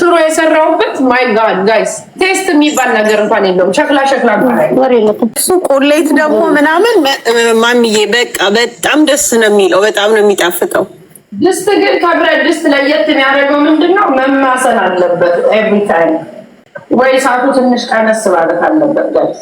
ሽሮ የሰራውበት ማይ ጋድ ጋይስ ቴስት የሚባል ነገር እንኳን የለውም። ሸክላ ሸክላ እሱ ቆሌት ደግሞ ምናምን ማሚዬ በቃ በጣም ደስ ነው የሚለው፣ በጣም ነው የሚጣፍጠው። ድስት ግን ከብረት ድስት ለየት የሚያደርገው ምንድን ነው? መማሰል አለበት ኤቭሪ ታይም ወይ ሳቱ ትንሽ ቀነስ ማለት አለበት ጋይስ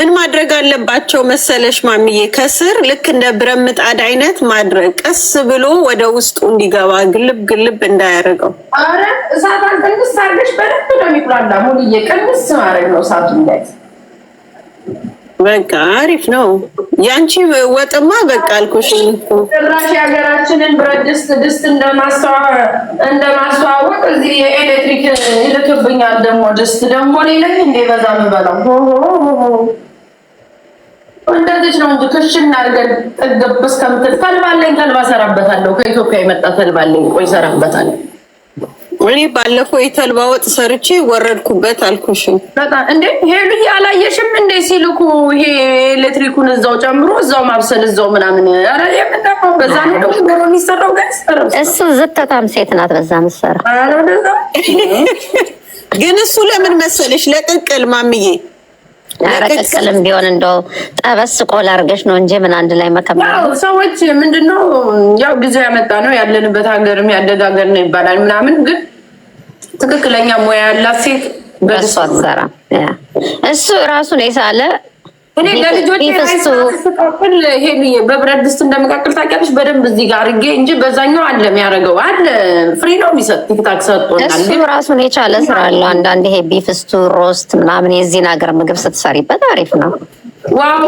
ምን ማድረግ አለባቸው መሰለሽ ማሚዬ? ከስር ልክ እንደ ብረት ምጣድ አይነት ማድረግ ቀስ ብሎ ወደ ውስጡ እንዲገባ ግልብ ግልብ እንዳያደርገው። አረ እሳታን አንቀንስ አድርገሽ በደንብ ነው የሚቁላላ። ሙሉዬ ቅንስ ማድረግ ነው እሳቱ እንዳይዝ። በቃ አሪፍ ነው። ያንቺ ወጥማ በቃ አልኩሽ። ጭራሽ የሀገራችንን ብረት ድስት ድስት እንደማስተዋወቅ እዚህ የኤሌክትሪክ ይልክብኛል። ደግሞ ድስት ደግሞ ሌላ እንደ በዛ ምበላው እንደዚህ ነው እንጂ ክሽን አድርገን ጥግብ እስከምትል ተልባለኝ ተልባ ሰራበታለሁ። ከኢትዮጵያ የመጣ ተልባለኝ ቆይ ሰራበታለሁ። እኔ ባለፈው የተልባ ወጥ ሰርቼ ወረድኩበት አልኩሽ። በጣም እንዴ ሄሉ አላየሽም እንዴ ሲልኩ ይሄ ኤሌክትሪኩን እዛው ጨምሮ እዛው ማብሰል እዛው ምናምን አረ የምንጠፋው በዛ ነው ደግሞ የሚሰራው ጋር እሱ ዝተታም ሴት ናት በዛ ምሰራ ግን እሱ ለምን መሰለሽ ለቅቅል ማምዬ ረቀት ቀለም ቢሆን እንደው ጠበስ ቆላ አድርገሽ ነው እንጂ ምን አንድ ላይ መከመ ሰዎች ምንድነው ያው ጊዜው ያመጣ ነው ያለንበት ሀገርም ያደገ ሀገር ነው ይባላል ምናምን ግን ትክክለኛ ሙያ ያላት ሴት በእሷ ትሰራ እሱ ራሱን የሳለ እኔ ለልጆች ስቃቅል ይሄ በብረት ድስት እንደመቃቅል ታውቂያለሽ። በደንብ እዚህ ጋር አድርጌ እንጂ በዛኛው አለ የሚያደርገው አለ ፍሪ ነው የሚሰጥ ቲክታክ ሰጥቶናል። እሱ ራሱን የቻለ ስራ አለ። አንዳንድ ይሄ ቢፍስቱ ሮስት ምናምን የዚህ ነገር ምግብ ስትሰሪበት አሪፍ ነው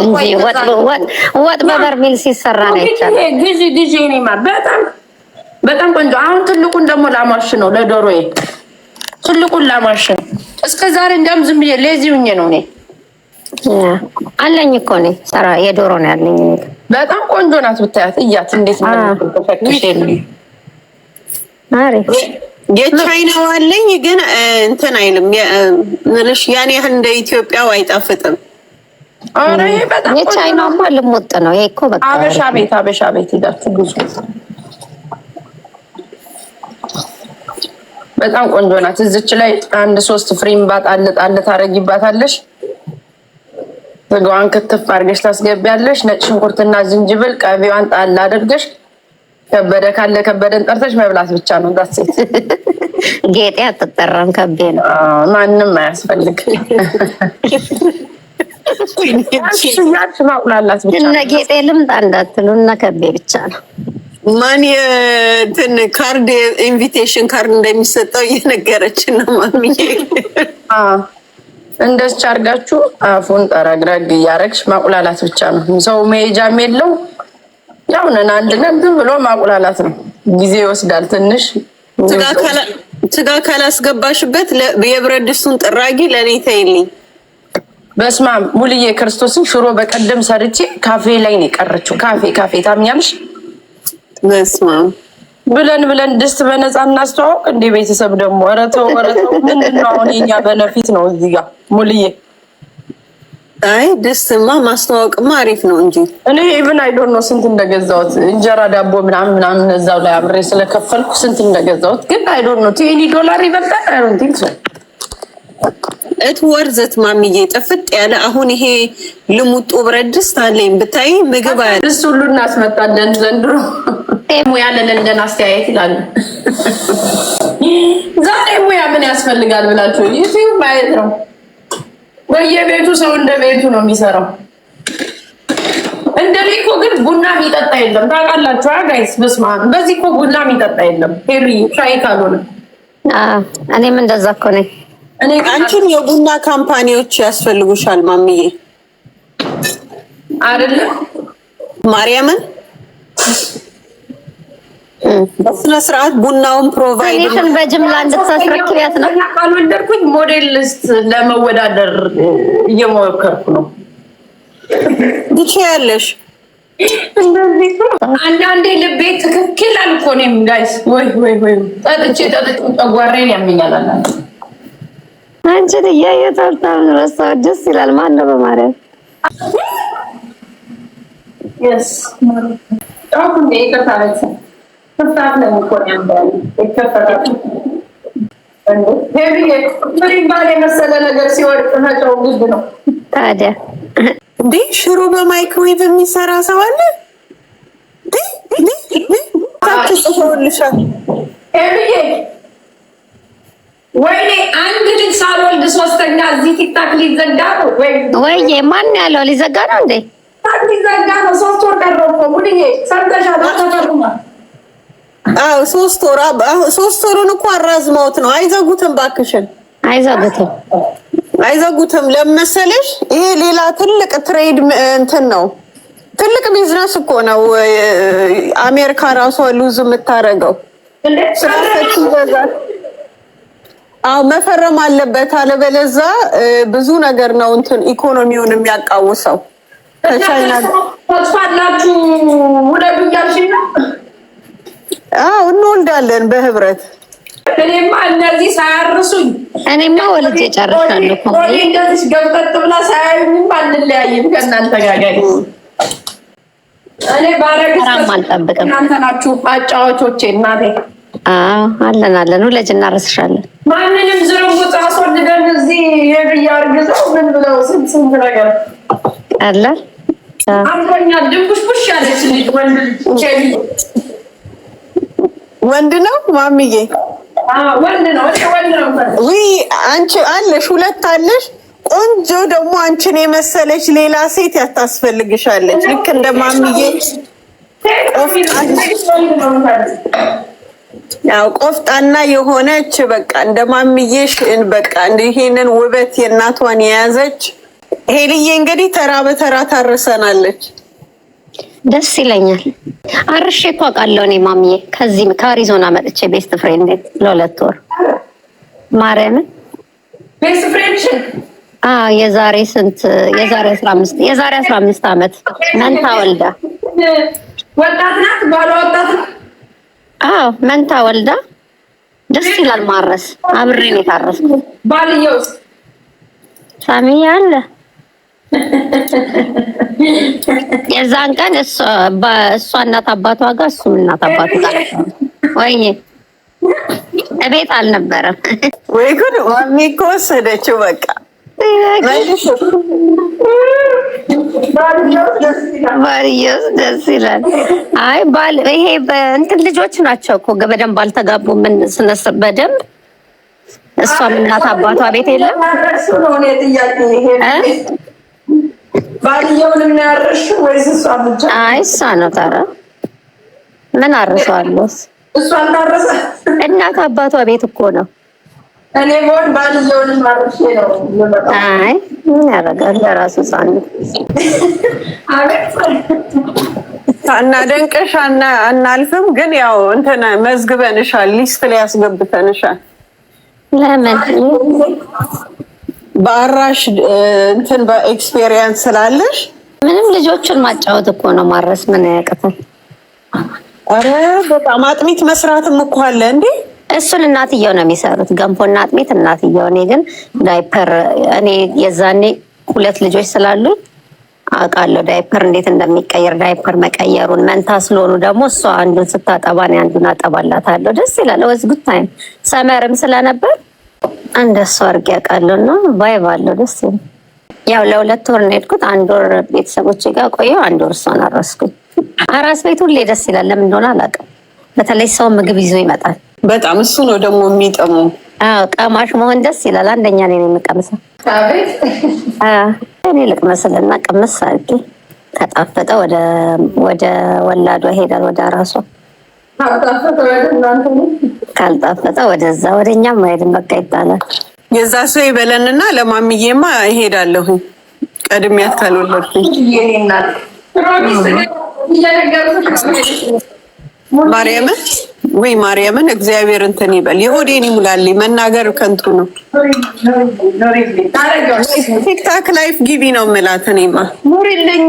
እንጂ ወጥ በበርሚል ሲሰራ ነው ይቻል ግዢ ግዢ ኔማ በጣም በጣም ቆንጆ። አሁን ትልቁን ደግሞ ላማሽ ነው ለዶሮዬ፣ ትልቁን ላማሽ ነው። እስከ ዛሬ እንዲያውም ዝም ብዬ ሌዚ ሁኜ ነው እኔ አለኝ እኮ እኔ ሰራ የዶሮ ነው ያለኝ። በጣም ቆንጆ ናት ብታያት፣ እያት እንዴት ፈሽ የቻይናው አለኝ ግን እንትን አይልም ምንሽ ያን ያህል እንደ ኢትዮጵያው አይጣፍጥም። የቻይናማ ልሙጥ ነው ይሄ እኮ በቃ አበሻ ቤት አበሻ ቤት ሄዳችሁ ብዙ በጣም ቆንጆ ናት። እዚች ላይ አንድ ሶስት ፍሬም ባጣል ጣል ታረጊባታለሽ ስጋዋን ክትፍ አድርገሽ ታስገቢያለሽ። ነጭ ሽንኩርትና ዝንጅብል ቀቢዋን ጣል አድርገሽ ከበደ ካለ ከበደን ጠርተሽ መብላት ብቻ ነው። ዳሴት ጌጤ አትጠራም። ከቤ ነው ማንም አያስፈልግ። ሽያጭ ማቁላላት ብቻ እነ ጌጤ ልምጣ እንዳትሉ እነ ከቤ ብቻ ነው። ማን የትን ካርድ ኢንቪቴሽን ካርድ እንደሚሰጠው እየነገረችን ነው ማሚዬ እንደዚች አድርጋችሁ አፉን ጠረግረግ እያረግሽ ማቁላላት ብቻ ነው። ሰው መሄጃም የለው ያው ነን አንድ ነን ብሎ ማቁላላት ነው። ጊዜ ይወስዳል ትንሽ ስጋ ካላስገባሽበት የብረት ድስቱን ጥራጊ ለእኔ ተይልኝ። በስማም ሙልዬ ክርስቶስን ሽሮ በቀደም ሰርቼ ካፌ ላይ ነው የቀረችው። ካፌ ካፌ ታምኛለሽ? በስማም ብለን ብለን ድስት በነፃ እናስተዋወቅ። እንደ ቤተሰብ ደግሞ ረተው ረተው ኧረ ምንድን ነው አሁን የኛ በነፊት ነው እዚህ ጋ ሙልዬ። አይ ድስትማ ማስተዋወቅማ አሪፍ ነው እንጂ እኔ ኢቭን አይዶኖ ስንት እንደገዛሁት እንጀራ ዳቦ ምናምን ምናምን እዛው ላይ አብሬ ስለከፈልኩ ስንት እንደገዛሁት ግን አይዶን ነው ዶላር ይበልጣል። አይ ዶንት ቲንክ ሶ እት ወርዘት ማሚዬ ጥፍጥ ያለ አሁን ይሄ ልሙጡ ብረት ድስት አለኝ ብታይ ምግብ አያለ እሱ ሁሉ እናስመጣለን። ዘንድሮ ሙያ ለለለን አስተያየት ይላሉ። ዛሬ ሙያ ምን ያስፈልጋል ብላችሁ ዩቲዩብ ማየት ነው። በየቤቱ ሰው እንደ ቤቱ ነው የሚሰራው። እንደ እኔ እኮ ግን ቡና የሚጠጣ የለም ታውቃላችሁ ጋይስ። በስመ አብ በዚህ እኮ ቡና የሚጠጣ የለም ሄሪ ሻይ ካልሆነ እኔም እንደዛ እኮ ነኝ። አንቺም የቡና ካምፓኒዎች ያስፈልጉሻል ማሚዬ አይደለም ማርያምን በስነ ስርዓት ቡናውን ፕሮቫይድ በጅምላ እንድታስረክቢያት ነው። ካልወደድኩኝ ሊስት ለመወዳደር እየሞከርኩ ነው። ብቻ ያለሽ አንዳንዴ ልቤ ትክክል አልኮኔም ጋይስ ወይ ወይ ወይ ጠጥቼ ጠጥቼ ጨጓራዬን ያመኛል አንዳንዴ አንቺን እያየ ቶርታም ረሳሁት። ደስ ይላል። ማን ነው በማርያም የመሰለ ነገር ሲወርቅ ታዲያ እንዴ ሽሮ በማይክሮዌቭ የሚሰራ ሰው አለ? ጽፎልሻል ወይኔ ሳልወልድ ሶስተኛ እዚህ ቲክታክ ሊዘጋ ነው ወይ? ማን ያለው ሊዘጋ ነው እንዴ? ሊዘጋ ነው። ሶስት ወር ቀረው እኮ ጉድዬ፣ ሰምተሻል? አዎ ሶስት ወር ሶስት ወሩን እኮ አራዝመውት ነው። አይዘጉትም፣ ባክሽን አይዘጉትም፣ አይዘጉትም። ለመሰለሽ ይሄ ሌላ ትልቅ ትሬድ እንትን ነው። ትልቅ ቢዝነስ እኮ ነው። አሜሪካ ራሷ ሉዝ የምታደርገው ስለፈች ይገዛል አዎ መፈረም አለበት። አለበለዛ ብዙ ነገር ነው እንትን ኢኮኖሚውን የሚያቃውሰው። ተስፋላችሁ ውለዱ እያልሽኝ ነው? አዎ እንወልዳለን በህብረት። እኔማ እነዚህ ሳያርሱኝ፣ እኔማ ወልጄ ጨርሻለሁ እኮ እንደዚህ ገብጠጥ ብላ ሳያዩኝም አንለያይም ከእናንተ ጋር ጋር እኔ ባረግስ አልጠብቅም። እናንተ ናችሁ አጫዋቾቼ። እናቴ አለን አለን፣ ውለጅ እናርስሻለን ማንንም ዝርውጥ አስወልደን እዚህ የብያ አርግዘው ምን ብለው ስንት ስንት ነገር አለ። አንደኛ ድንቡሽቡሽ ያለች ልጅ ወንድ ልጅ ወንድ ነው ማሚዬ፣ ወንድ ነው ወንድ ነው። ውይ አንቺ አለሽ ሁለት አለሽ። ቆንጆ ደግሞ አንቺን የመሰለች ሌላ ሴት ያታስፈልግሻለች። ልክ እንደ ማሚዬ ያው ቆፍጣና የሆነች በቃ እንደ ማምዬሽ በቃ ይሄንን ውበት የእናቷን የያዘች ሄልዬ እንግዲህ ተራ በተራ ታርሰናለች። ደስ ይለኛል። አርሼ እኮ አውቃለሁ እኔ ማምዬ ከዚህ ከአሪዞና መጥቼ ቤስት ፍሬንድ ለሁለት ወር ማርያምን ቤስት ፍሬንድ የዛሬ ስንት የዛሬ አስራ አምስት የዛሬ አስራ አምስት መንታ ወልዳ ወጣት ናት ባለ ወጣት አዎ መንታ ወልዳ ደስ ይላል። ማረስ አብሬ ነው የታረስኩት። ባልየውስ ሳሚ አለ። የዛን ቀን እሷ እናት አባቷ ጋር እሱም እናት አባቱ ጋር ወይኔ እቤት አልነበረም ወይ ጉድ ማሚ እኮ ወሰደችው በቃ ባልየውስ ደስ ይላል። አይ ባል ይሄ ልጆች ናቸው እኮ በደንብ አልተጋቡ ምን ስነስ በደንብ እሷም እናት አባቷ ቤት የለም። አይ እሷ ነው። ታዲያ ምን አርሰዋለሁ? እናት አባቷ ቤት እኮ ነው እኔ ሆን ባልየውን ማርሽ ነው አይ ምን ያደርጋል ለራሱ ሳን አናደንቅሽ አናልፍም፣ ግን ያው እንትን መዝግበንሻል፣ ሊስት ላይ ያስገብተንሻል። ለምን በአራሽ እንትን በኤክስፔሪየንስ ስላለሽ ምንም ልጆቹን ማጫወት እኮ ነው። ማረስ ምን ያቅታል? አረ በጣም አጥሚት መስራትም እኮ አለ እንዴ እሱን እናትየው ነው የሚሰሩት፣ ገንፎና አጥሚት እናትየው። እኔ ግን ዳይፐር እኔ የዛኔ ሁለት ልጆች ስላሉ አውቃለሁ ዳይፐር እንዴት እንደሚቀየር ዳይፐር መቀየሩን። መንታ ስለሆኑ ደግሞ እሷ አንዱን ስታጠባ እኔ አንዱን አጠባላታለሁ። ደስ ይላል። ወዝ ጉድ ታይም። ሰመርም ስለነበር እንደሱ አድርጌ አውቃለሁ። እና ቫይብ አለው ደስ ይላል። ያው ለሁለት ወር ነው የሄድኩት። አንድ ወር ቤተሰቦች ጋር ቆየሁ፣ አንድ ወር እሷን አረስኩኝ። አራስ ቤት ሁሌ ደስ ይላል። ለምን እንደሆነ አላውቅም። በተለይ ሰው ምግብ ይዞ ይመጣል። በጣም እሱ ነው ደግሞ የሚጥሙ። ቀማሽ መሆን ደስ ይላል። አንደኛ ነው የምቀምሰው። እኔ ልቅመስልና ቅምስ አድርጌ ከጣፈጠ ወደ ወላዷ ሄዳል፣ ወደ ራሷ ካልጣፈጠ ወደዛ ወደ እኛ ማሄድን በቃ ይባላል። የዛ ሰው ይበለንና ለማምዬማ ይሄዳለሁ ቀድሚያት ካልወለድኩኝ ማርያምን ወይ ማርያምን እግዚአብሔር እንትን ይበል፣ የሆዴን ይሙላልኝ። መናገር ከንቱ ነው። ቲክታክ ላይፍ ጊቪ ነው የምላት እኔማ። ሙሪልኝ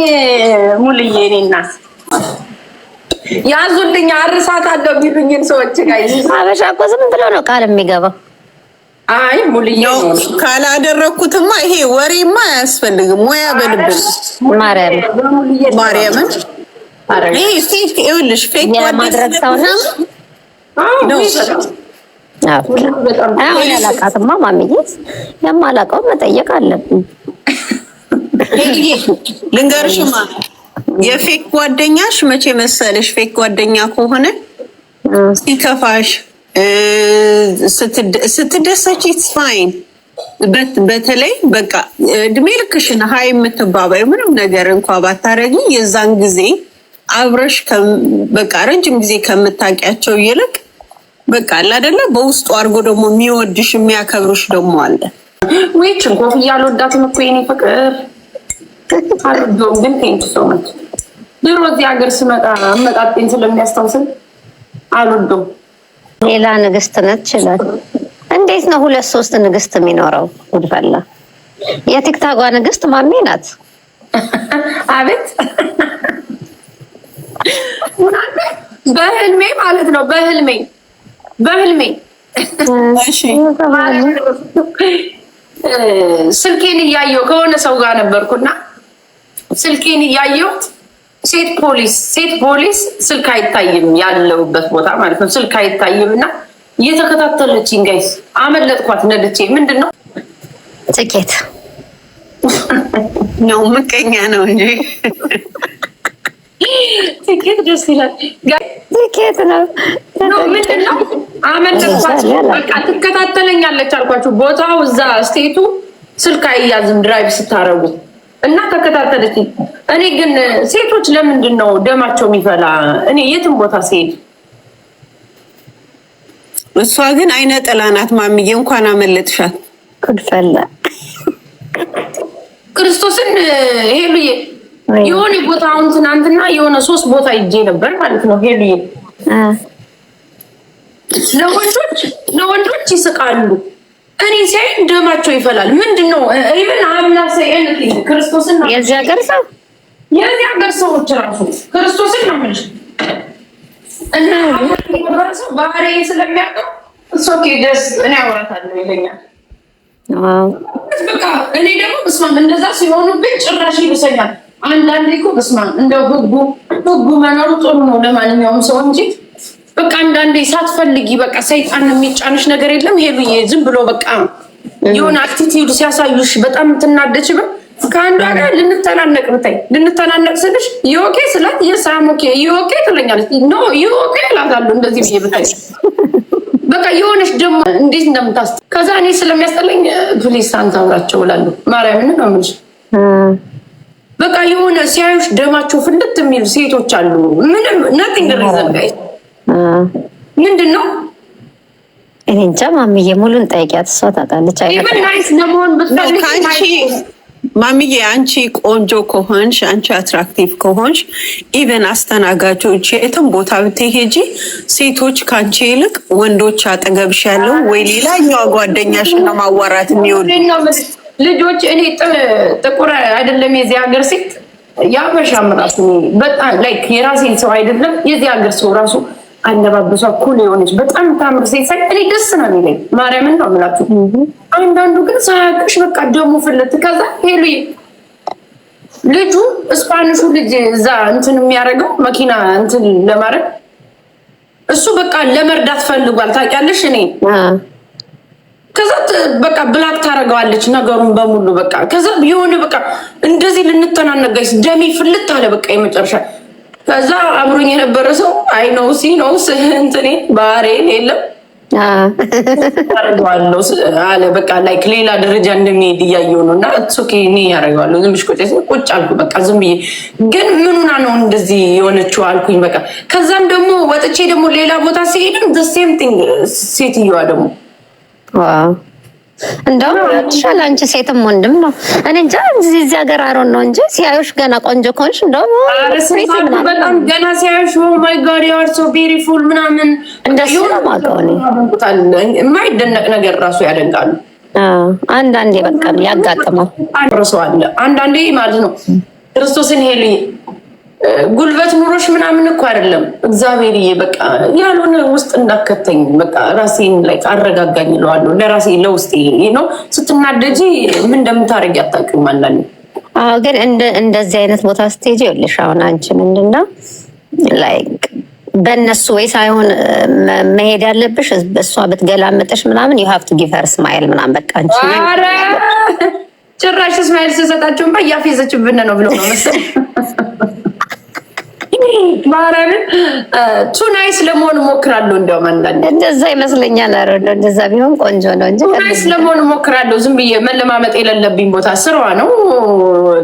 ሙልዬ፣ እኔ እናት ያዙልኝ፣ አርሳታለሁ የሚሉኝን ሰዎች ጋር አበሻ እኮ ዝም ብሎ ነው ቃል የሚገባው። አይ ሙልዬ፣ ካላደረግኩትማ ይሄ ወሬማ አያስፈልግም። ሙያ በልብ ማርያምን የማድረግ ሰው ነው። አሁን ያላቃትማ ማሚዬት መጠየቅ አለብኝ። ልንገርሽማ የፌክ ጓደኛሽ መቼ መሰለሽ? ፌክ ጓደኛ ከሆነ ሲከፋሽ፣ ስትደሰች ኢትስ ፋይን። በተለይ በቃ እድሜ ልክሽን ሀይ የምትባባዩ ምንም ነገር እንኳ ባታረጊ የዛን ጊዜ አብረሽ በቃ ረጅም ጊዜ ከምታውቂያቸው ይልቅ በቃ አለ አይደለ፣ በውስጡ አድርጎ ደግሞ የሚወድሽ የሚያከብርሽ ደግሞ አለ። ዊችን ኮፍያ አልወዳትም እኮ የኔ ፍቅር አልወደውም፣ ግን ቴንክ ሶ ድሮ እዚህ ሀገር ስመጣ አመጣጤን ስለሚያስታውስን አልወደውም። ሌላ ንግስት ነች ይላል። እንዴት ነው ሁለት ሶስት ንግስት የሚኖረው? ጉድፈላ የቲክታጓ ንግስት ማሜ ናት። አቤት በህልሜ ማለት ነው። በህልሜ በህልሜ ስልኬን እያየው ከሆነ ሰው ጋር ነበርኩና ስልኬን እያየው ሴት ፖሊስ ሴት ፖሊስ ስልክ አይታይም ያለውበት ቦታ ማለት ነው። ስልክ አይታይም እና እየተከታተለችኝ ጋይስ አመለጥኳት ነድቼ። ምንድን ነው ነው ምቀኛ ነው እንጂ ትኬት ደስ ይላል። ትኬት ነው ምንድን ነው? አመለጥኳቸው። በቃ ትከታተለኛለች አልኳቸው። ቦታው እዛ ስቴቱ ስልክ አይያዝም ድራይቭ ስታረጉ እና ተከታተለች። እኔ ግን ሴቶች ለምንድን ነው ደማቸው የሚፈላ? እኔ የትም ቦታ ስሄድ እሷ ግን አይነ ጥላ ናት። ማሚዬ እንኳን አመለጥሻት። ቅድፈላ ክርስቶስን ሄሉዬ የሆነ ቦታ አሁን ትናንትና የሆነ ሶስት ቦታ ይጄ ነበር ማለት ነው። ሄሉ ለወንዶች ለወንዶች ይስቃሉ። እኔ ሲያይ ደማቸው ይፈላል። ምንድን ነው ኢቨን አምና ሰይን ክርስቶስን ነው የዚህ ሀገር ሰው የዚህ ሀገር ሰዎች ራሱ ክርስቶስን ነው የምልሽ እና ሰው ባህሪ ስለሚያውቀው እሱ ኦኬ ደስ እኔ አወራታለሁ ይለኛል። በቃ እኔ ደግሞ ስማ እንደዛ ሲሆኑብኝ ጭራሽ ይብሰኛል። አንዳንዴ እኮ በስማ እንደው ህጉ ህጉ መኖሩ ጥሩ ነው ለማንኛውም ሰው እንጂ በቃ አንዳንዴ ሳትፈልጊ በቃ ሰይጣን የሚጫንሽ ነገር የለም። ሄዱዬ ዝም ብሎ በቃ የሆነ አክቲቲዩድ ሲያሳዩሽ በጣም ትናደችበት ከአንዷ ጋር ልንተናነቅ ብታይ ልንተናነቅ ስልሽ ዮኬ ስላት የሳሞኬ ዮኬ ትለኛለች። ኖ ዮኬ እላታለሁ እንደዚህ ብዬ ብታይ በቃ የሆነች ደግሞ እንዴት እንደምታስ ከዛ እኔ ስለሚያስጠላኝ ፕሊስ አንተ አውራቸው እላለሁ። ማርያምን ነው የምልሽ በቃ የሆነ ሲያዩሽ ደማቸው ፍንድት የሚሉ ሴቶች አሉ። ምንም ነቲንግ ሪዘን ጋይ ምንድን ነው እኔ እንጃ። ማሚዬ ሙሉን ጠይቂያት፣ እሷ ታውቃለች። ኢቨን ናይስ ለመሆን ብትፈልግ ማሚዬ አንቺ ቆንጆ ከሆንሽ አንቺ አትራክቲቭ ከሆንሽ ኢቨን አስተናጋጆች የትም ቦታ ብትሄጂ ሴቶች ከአንቺ ይልቅ ወንዶች አጠገብሽ ያለው ወይ ሌላኛዋ ጓደኛሽ ነው ማዋራት የሚሆን ልጆች እኔ ጥቁር አይደለም የዚህ ሀገር ሴት የአበሻም ራሱ በጣም ላይክ የራሴን ሰው አይደለም የዚህ ሀገር ሰው ራሱ አለባበሷ ኩል የሆነች በጣም ታምር ሴት ሳይ እኔ ደስ ነው የሚለኝ። ማርያምን ነው የምላችሁ። አንዳንዱ ግን ሳያቅሽ በቃ ደሙ ፍለት ከዛ ሄሉ ልጁ ስፓኒሹ ልጅ እዛ እንትን የሚያደርገው መኪና እንትን ለማድረግ እሱ በቃ ለመርዳት ፈልጓል። ታውቂያለሽ እኔ ከዛ በቃ ብላክ ታደርገዋለች ነገሩን በሙሉ በቃ ከዛ የሆነ በቃ እንደዚህ ልንተናነጋይስ ደሜ ፍልት አለ በቃ የመጨረሻ ከዛ አብሮኝ የነበረ ሰው አይ ነው ሲ ነው ስህንትኔ ባህሬን የለም ያደረገዋለሁ አለ በቃ ላይክ ሌላ ደረጃ እንደሚሄድ እያየሁ ነው። እና ሶኬ እኔ ያደረገዋለሁ ዝም ብሽ ቁጭ ቁጭ አልኩ በቃ ዝም ብዬ ግን ምኑና ነው እንደዚህ የሆነችው አልኩኝ በቃ ከዛም ደግሞ ወጥቼ ደግሞ ሌላ ቦታ ሲሄድም ዘ ሴም ቲንግ ሴትዮዋ ደግሞ እንደውም ይሻል አንቺ ሴትም ወንድም ነው። እኔ እንጃ እዚህ እዚህ ሀገር አሮን ነው እንጂ ሲያዩሽ ገና ቆንጆ ከሆንሽ እንደውም በጣም ገና ሲያዩሽ ኦ ማይ ጋድ ዩ አር ሶ ቢዩቲፉል ምናምን እንደሱ ነው የማውቀው እኔ የማይደነቅ ነገር ራሱ ያደንቃሉ። አንዳንዴ በቃ ያጋጥመው አንዳንዴ ማለት ነው ክርስቶስን ሄሉ ጉልበት ኑሮች ምናምን እኮ አይደለም። እግዚአብሔርዬ በቃ ያልሆነ ውስጥ እንዳከተኝ በቃ ራሴን ላይ አረጋጋኝ እለዋለሁ። ለራሴ ለውስጥ። ይሄ ነው። ስትናደጂ ምን እንደምታደርጊ አታውቂውም። አንዳንዴ ግን እንደዚህ አይነት ቦታ ስትሄጂ ይኸውልሽ፣ አሁን አንቺ ምንድን ነው ላይክ በእነሱ ወይ ሳይሆን መሄድ ያለብሽ እሷ ብትገላመጠሽ ምናምን ዩ ሃቭ ቱ ጊቭ ሄር ስማይል ምናምን በቃ አንቺ ጭራሽ ስማይል ስሰጣቸውማ እያፌዘችብን ነው ብሎ ነው መሰለኝ ማርያምን ቱ ናይስ ለመሆን እሞክራለሁ። እንደውም አንዳንዴ እንደዛ ይመስለኛል። ኧረ እንደው እንደዛ ቢሆን ቆንጆ ነው እንጂ ቱ ናይስ ለመሆን እሞክራለሁ። ዝም ብዬ መለማመጥ የሌለብኝ ቦታ ስራዋ ነው።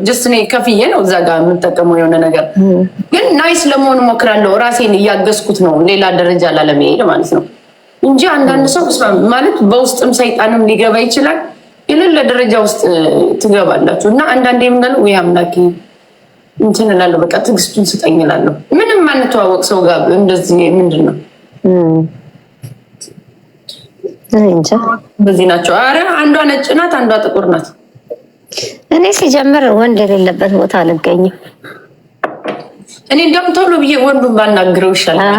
ጀስት እኔ ከፍዬ ነው እዛ ጋር የምጠቀመው የሆነ ነገር፣ ግን ናይስ ለመሆን እሞክራለሁ። ራሴን እያገዝኩት ነው፣ ሌላ ደረጃ ላለመሄድ ማለት ነው እንጂ አንዳንድ ሰው ማለት በውስጥም ሰይጣንም ሊገባ ይችላል። የሌለ ደረጃ ውስጥ ትገባላችሁ እና አንዳንዴ ምንለ ውያምላኪ እንትን እላለሁ። በቃ ትዕግስቱን ስጠኝ እላለሁ። ምንም አንተዋወቅ ሰው ጋር እንደዚህ ምንድን ነው በዚህ ናቸው። አረ አንዷ ነጭ ናት፣ አንዷ ጥቁር ናት። እኔ ሲጀምር ወንድ የሌለበት ቦታ አልገኝም። እኔ እንደውም ቶሎ ብዬ ወንዱን ባናግረው ይሻላል።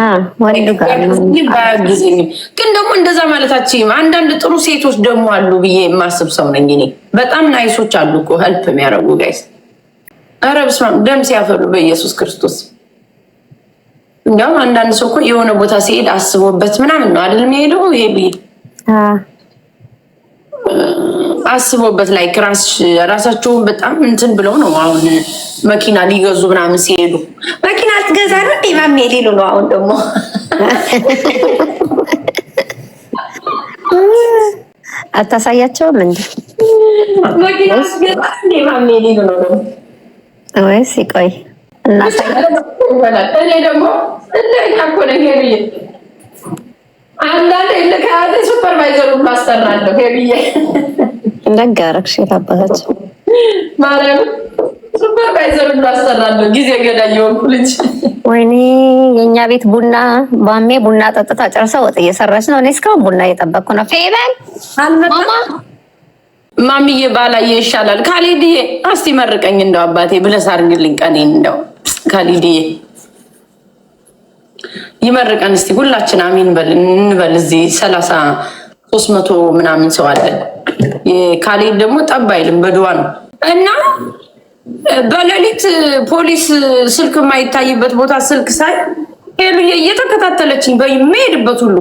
ባያግዘኝም ግን ደግሞ እንደዛ ማለታችም አንዳንድ ጥሩ ሴቶች ደግሞ አሉ ብዬ የማስብ ሰው ነኝ እኔ። በጣም ናይሶች አሉ እኮ ሄልፕ የሚያደርጉ ጋይስ ኧረ በስመ አብ ደም ሲያፈሉ በኢየሱስ ክርስቶስ። እንዲያውም አንዳንድ ሰው እኮ የሆነ ቦታ ሲሄድ አስቦበት ምናምን ነው አይደል የሚሄደው። ይሄ አስቦበት ላይ ራሳቸውን በጣም እንትን ብለው ነው። አሁን መኪና ሊገዙ ምናምን ሲሄዱ መኪና ትገዛ ነው እንዴ ማሜ ሊሉ ነው። አሁን ደግሞ አታሳያቸውም እንዴ መኪና ልትገዛ ማሜ ሊሉ ነው ደግሞ ወይስ ይቆይ እናሳእኔ ደግሞ እንደኛ እኮ ነው ሄብዬ። አንዳንድ ሄብዬ። ጊዜ ገዳኝ የሆንኩ ልጅ። ወይኔ የእኛ ቤት ቡና ባሜ ቡና ጠጥታ ጨርሰው ወጥ እየሰራች ነው። እኔ እስካሁን ቡና እየጠበቅኩ ነው ፌበል ማሚዬ ባላየ ይሻላል። ካሊድዬ አስቲ መርቀኝ እንደው አባቴ ብለህ ሳርግልኝ ቀኔን እንደው ካሊድዬ ይመርቀን እስቲ ሁላችን አሚን በል እንበል። እዚህ ሰላሳ ሶስት መቶ ምናምን ሰው አለን። ካሌድ ደግሞ ጠብ አይልም በድዋ ነው እና በሌሊት ፖሊስ ስልክ የማይታይበት ቦታ ስልክ ሳይ ሄሉዬ እየተከታተለችኝ በሚሄድበት ሁሉ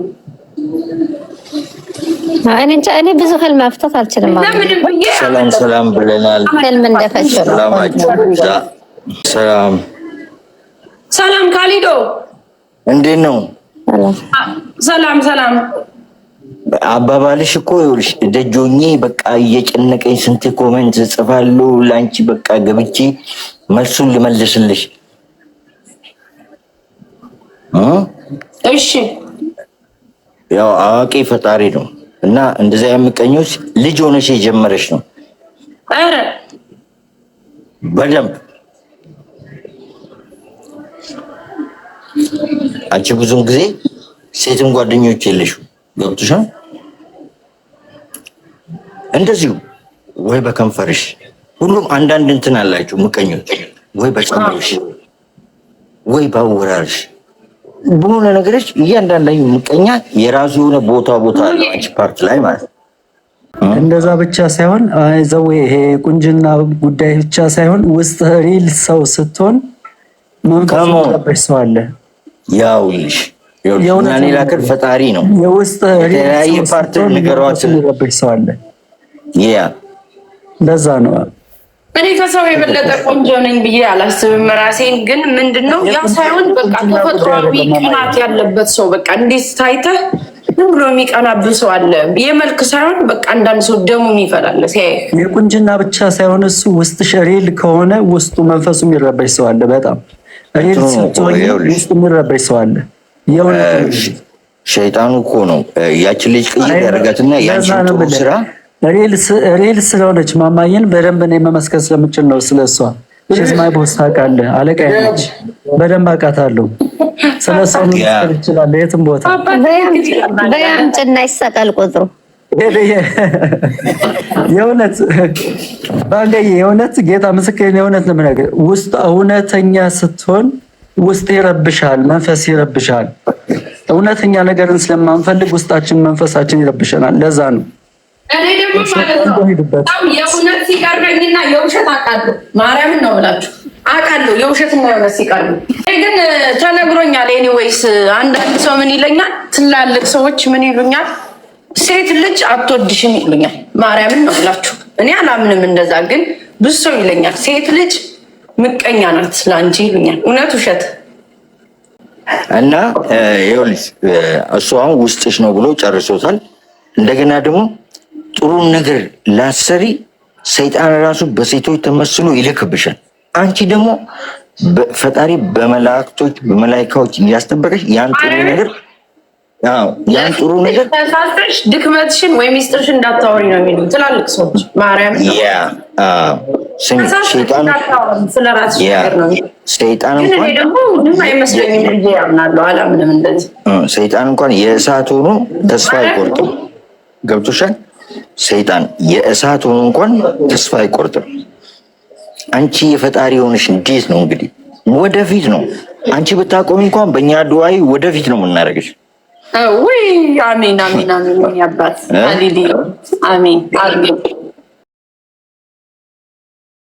እኔ ብዙ ህል መፍታት አልችልም። ሰላም ሰላም ብለናል። ህልም እንደፈቸው ሰላም ሰላም ካሊዶ እንዴት ነው? ሰላም ሰላም አባባልሽ እኮ ይኸውልሽ፣ ደጆኜ በቃ እየጨነቀኝ ስንት ኮሜንት ጽፋለሁ ለአንቺ በቃ ገብቼ መልሱን ልመልስልሽ። እሺ ያው አዋቂ ፈጣሪ ነው። እና እንደዚህ የምቀኞች ልጅ ሆነሽ የጀመረች ነው። አረ በደንብ አንቺ ብዙም ጊዜ ሴትም ጓደኞች የለሽም። ገብቶሻል። እንደዚሁ ወይ በከንፈርሽ ሁሉም አንዳንድ እንትን አላችሁ ምቀኞች፣ ወይ በጨምሽ፣ ወይ በአወራርሽ በሆነ ነገሮች እያንዳንዳ ምቀኛ የራሱ የሆነ ቦታ ቦታ አለ አንቺ ፓርት ላይ ማለት ነው። እንደዛ ብቻ ሳይሆን ዘው ይሄ ቁንጅና ጉዳይ ብቻ ሳይሆን ውስጥ ሪል ሰው ስትሆን መንፈስ ጠበሽ ሰው አለ። ያው ልሽ የሆነ ላክል ፈጣሪ ነው። የውስጥ ሪል ፓርት ንገሯት ሰው አለ። ያ ለዛ ነው እኔ ከሰው የበለጠ ቆንጆ ነኝ ብዬ አላስብም ራሴን። ግን ምንድነው ያ ሳይሆን በቃ ተፈጥሯዊ ቅናት ያለበት ሰው በቃ እንዴት ታይተህ ምን ብሎ የሚቀናብ ሰው አለ። የመልክ ሳይሆን በቃ አንዳንድ ሰው ደሙ ይፈላል። የቁንጅና ብቻ ሳይሆን እሱ ውስጥ ሸሪል ከሆነ ውስጡ መንፈሱ የሚረበሽ ሰው አለ። በጣም ሪል ስትሆኝ ውስጡ የሚረበሽ ሰው አለ። የሆነ ሸይጣኑ እኮ ነው ያችን ልጅ ቅይ ያደረጋትና ያንቺን ጥሩ ስራ ሪል ስለሆነች ማማየን በደንብ እኔ መመስከር ስለምችል ነው። ስለሷ ሽዝማይ ቦስ ታውቃለህ፣ አለቃ ነች። በደንብ አውቃታለሁ። ስለሷ መመስከር ይችላል። የትም ቦታ በያምጭና ይሰቀል ቁጥሩ የእውነት ባንጋዬ፣ የእውነት ጌታ ምስክሬን፣ የእውነት ነው የምነግርህ። ውስጥ እውነተኛ ስትሆን ውስጥ ይረብሻል፣ መንፈስ ይረብሻል። እውነተኛ ነገርን ስለማንፈልግ ውስጣችን መንፈሳችን ይረብሸናል። ለዛ ነው እኔ ደግሞ ማለት ነው ሰው የእውነት ሲቀርበኝና የውሸት አውቃለሁ። ማርያምን ነው ብላችሁ አውቃለሁ የውሸትና የእውነት ሲቀርቡ ግን ተነግሮኛል። ኤኒዌይስ አንዳንድ ሰው ምን ይለኛል፣ ትላልቅ ሰዎች ምን ይሉኛል፣ ሴት ልጅ አትወድሽም ይሉኛል። ማርያምን ነው ብላችሁ እኔ አላምንም እንደዛ። ግን ብዙ ሰው ይለኛል፣ ሴት ልጅ ምቀኛ ናት ለአንቺ ይሉኛል። እውነት ውሸት እና ይኸውልሽ እሱ አሁን ውስጥሽ ነው ብሎ ጨርሶታል። እንደገና ደግሞ ጥሩን ነገር ላሰሪ ሰይጣን ራሱ በሴቶች ተመስሎ ይልክብሻል። አንቺ ደግሞ ፈጣሪ በመላእክቶች በመላይካዎች እያስጠበቀሽ ያን ጥሩ ነገር ያን ጥሩ ነገር ተሳስተሽ ድክመትሽን ወይ ሚስጥርሽን እንዳታወሪ ነው የሚሉ ትላልቅ ሰዎች። ማርያም ሰይጣን እንኳን የእሳት ሆኖ ተስፋ አይቆርጥም። ገብቶሻል? ሰይጣን የእሳት ሆኖ እንኳን ተስፋ አይቆርጥም። አንቺ የፈጣሪ የሆነሽ እንዴት ነው እንግዲህ ወደፊት ነው አንቺ ብታቆሚ እንኳን በእኛ ዱዓይ ወደፊት ነው የምናደርግሽ። ወይ አሜን፣ አሜን፣ አሜን አባት አሜን።